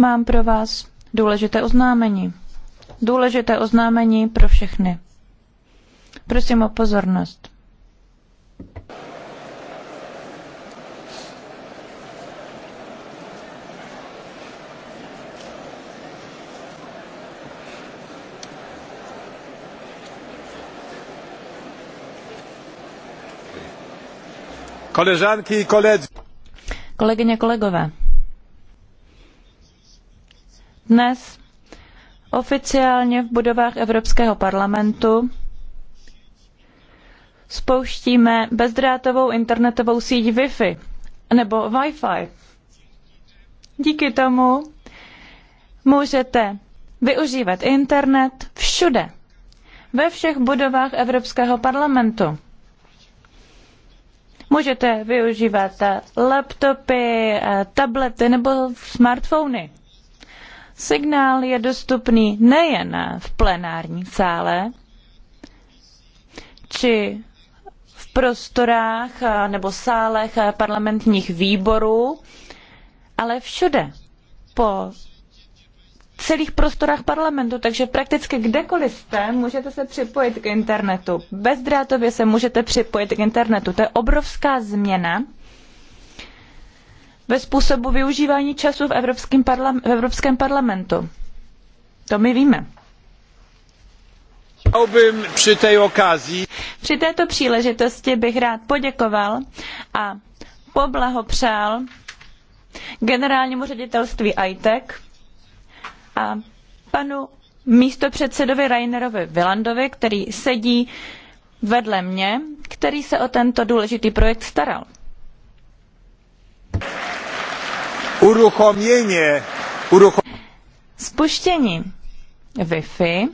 Mám pro vás důležité oznámení. Důležité oznámení pro všechny. Prosím o pozornost. Koleżanki i koledzy. Kolegyně, kolegové. Dnes oficiálně v budovách Evropského parlamentu spouštíme bezdrátovou internetovou síť Wi-Fi nebo Wi-Fi. Díky tomu můžete využívat internet všude, ve všech budovách Evropského parlamentu. Můžete využívat laptopy, eh, tablety nebo smartfony. Signál je dostupný nejen v plenární sále, či v prostorách nebo sálech parlamentních výborů, ale všude po celých prostorách parlamentu, takže prakticky kdekoliv jste, můžete se připojit k internetu. Bezdrátově se můžete připojit k internetu. To je obrovská změna ve způsobu využívání času v Evropském, v Evropském parlamentu. To my víme. Při, té okazí... při této příležitosti bych rád poděkoval a poblahopřál generálnímu ředitelství ITEC a panu místopředsedovi Rainerovi Vilandovi, který sedí vedle mě, který se o tento důležitý projekt staral. uruchom... Spuštění Wi-Fi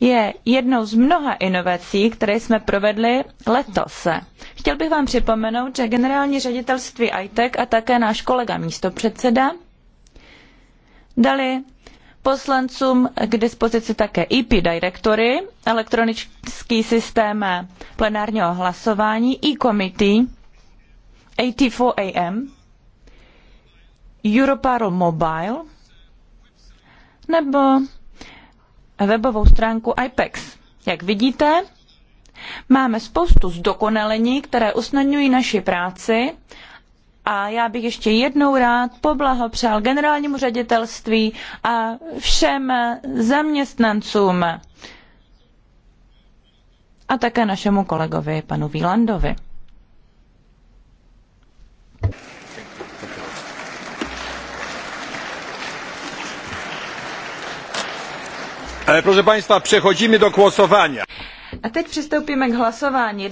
je jednou z mnoha inovací, které jsme provedli letos. Chtěl bych vám připomenout, že generální ředitelství ITEC a také náš kolega místopředseda dali poslancům k dispozici také IP e direktory, elektronický systém plenárního hlasování, e-committee, AT4AM, Europarl Mobile nebo webovou stránku IPEX. Jak vidíte, máme spoustu zdokonalení, které usnadňují naši práci a já bych ještě jednou rád poblahopřál generálnímu ředitelství a všem zaměstnancům a také našemu kolegovi panu Výlandovi. E, proszę Państwa, przechodzimy do głosowania. A teď přistoupíme k hlasování.